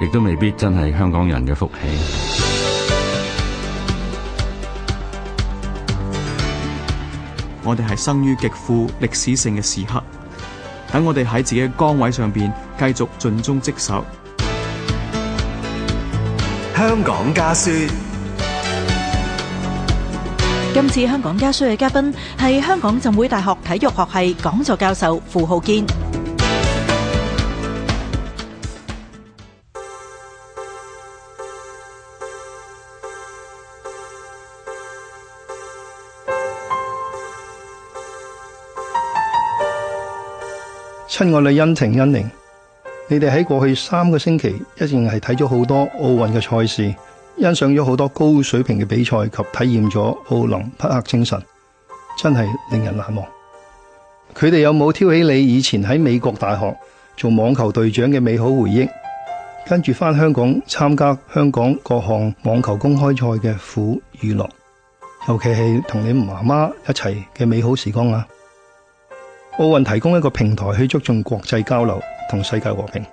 亦都未必真係香港人嘅福氣。我哋係生於極富歷史性嘅時刻，等我哋喺自己嘅崗位上邊繼續盡忠職守。香港家書。今次香港家書嘅嘉賓係香港浸會大學體育學系講座教授傅浩堅。跟我哋恩情恩寧，你哋喺過去三個星期，一定係睇咗好多奧運嘅賽事，欣賞咗好多高水平嘅比賽及體驗咗奧林匹克精神，真係令人難忘。佢哋有冇挑起你以前喺美國大學做網球隊長嘅美好回憶，跟住翻香港參加香港各項網球公開賽嘅苦與樂，尤其係同你媽媽一齊嘅美好時光啊！奧運提供一個平台去促進國際交流同世界和平。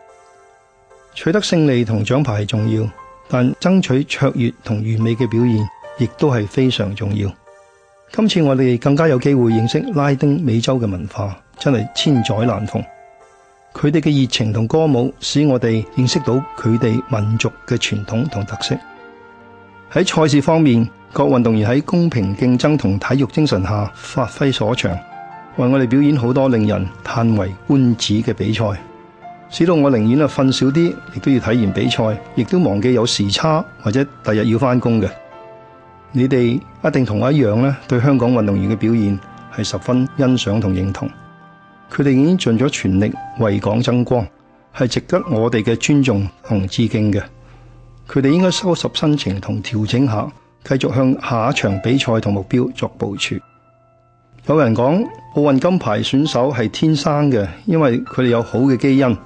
取得勝利同獎牌係重要，但爭取卓越同完美嘅表現亦都係非常重要。今次我哋更加有機會認識拉丁美洲嘅文化，真係千載難逢。佢哋嘅熱情同歌舞使我哋認識到佢哋民族嘅傳統同特色。喺賽事方面，各運動員喺公平競爭同體育精神下發揮所長。為我哋表演好多令人嘆為觀止嘅比賽，使到我寧願啊瞓少啲，亦都要體驗比賽，亦都忘記有時差或者第日要翻工嘅。你哋一定同我一樣咧，對香港運動員嘅表現係十分欣賞同認同。佢哋已經盡咗全力為港爭光，係值得我哋嘅尊重同致敬嘅。佢哋應該收拾心情同調整下，繼續向下一場比賽同目標作部署。有人講奧運金牌選手係天生嘅，因為佢哋有好嘅基因。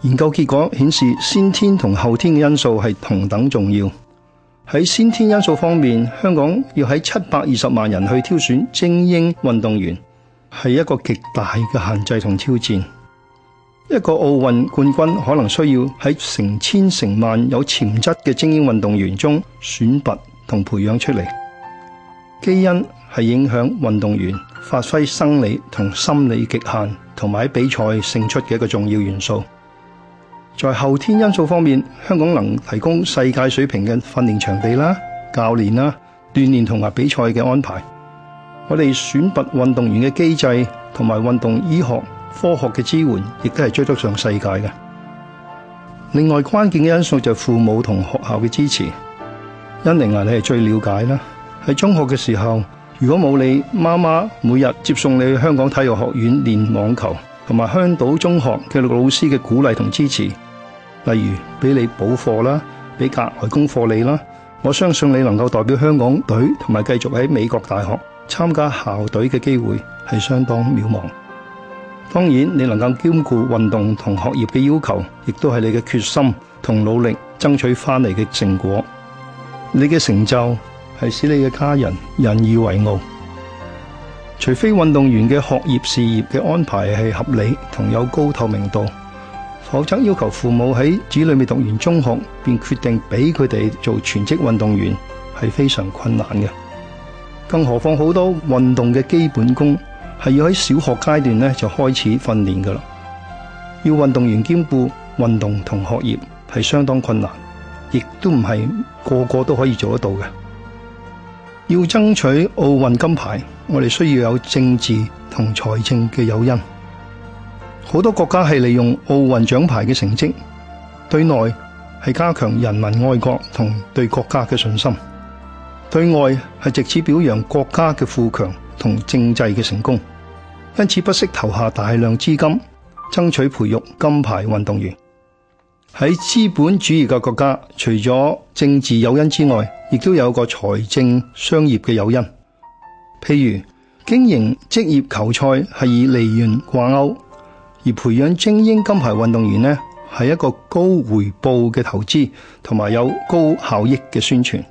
研究結果顯示，先天同後天嘅因素係同等重要。喺先天因素方面，香港要喺七百二十萬人去挑選精英運動員，係一個極大嘅限制同挑戰。一個奧運冠軍可能需要喺成千成萬有潛質嘅精英運動員中選拔同培養出嚟。基因係影響運動員發揮生理同心理極限同埋喺比賽勝出嘅一個重要元素。在後天因素方面，香港能提供世界水平嘅訓練場地啦、教練啦、鍛煉同埋比賽嘅安排。我哋選拔運動員嘅機制同埋運動醫學科學嘅支援，亦都係追得上世界嘅。另外關鍵嘅因素就係父母同學校嘅支持。恩寧啊，你係最了解啦。喺中學嘅時候，如果冇你媽媽每日接送你去香港體育學院練網球，同埋香島中學嘅老師嘅鼓勵同支持，例如俾你補課啦，俾格外功課你啦，我相信你能夠代表香港隊，同埋繼續喺美國大學參加校隊嘅機會係相當渺茫。當然，你能夠兼顧運動同學業嘅要求，亦都係你嘅決心同努力爭取翻嚟嘅成果。你嘅成就。係使你嘅家人引以為傲。除非運動員嘅學業事業嘅安排係合理同有高透明度，否則要求父母喺子女未讀完中學便決定俾佢哋做全職運動員，係非常困難嘅。更何況好多運動嘅基本功係要喺小學階段咧就開始訓練噶啦。要運動員兼顧運動同學業係相當困難，亦都唔係個個都可以做得到嘅。要爭取奧運金牌，我哋需要有政治同財政嘅誘因。好多國家係利用奧運獎牌嘅成績，對內係加強人民愛國同對國家嘅信心，對外係藉此表揚國家嘅富強同政制嘅成功，因此不惜投下大量資金，爭取培育金牌運動員。喺資本主義嘅國家，除咗政治誘因之外，亦都有個財政商業嘅誘因。譬如經營職業球賽係以利潤掛鈎，而培養精英金牌運動員呢，係一個高回報嘅投資，同埋有高效益嘅宣傳。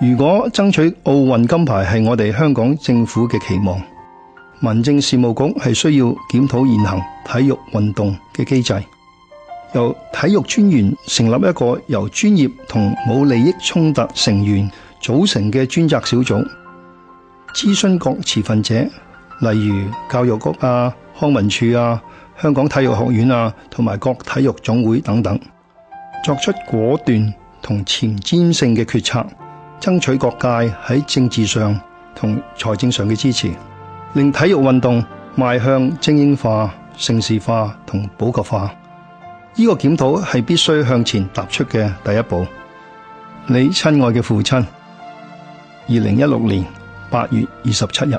如果爭取奧運金牌係我哋香港政府嘅期望，民政事務局係需要檢討現行體育運動嘅機制。由體育專員成立一個由專業同冇利益衝突成員組成嘅專責小組，諮詢各持份者，例如教育局啊、康文署啊、香港體育學院啊，同埋各體育總會等等，作出果斷同前瞻性嘅決策，爭取各界喺政治上同財政上嘅支持，令體育運動邁向精英化、盛事化同普及化。呢個檢討係必須向前踏出嘅第一步。你親愛嘅父親，二零一六年八月二十七日。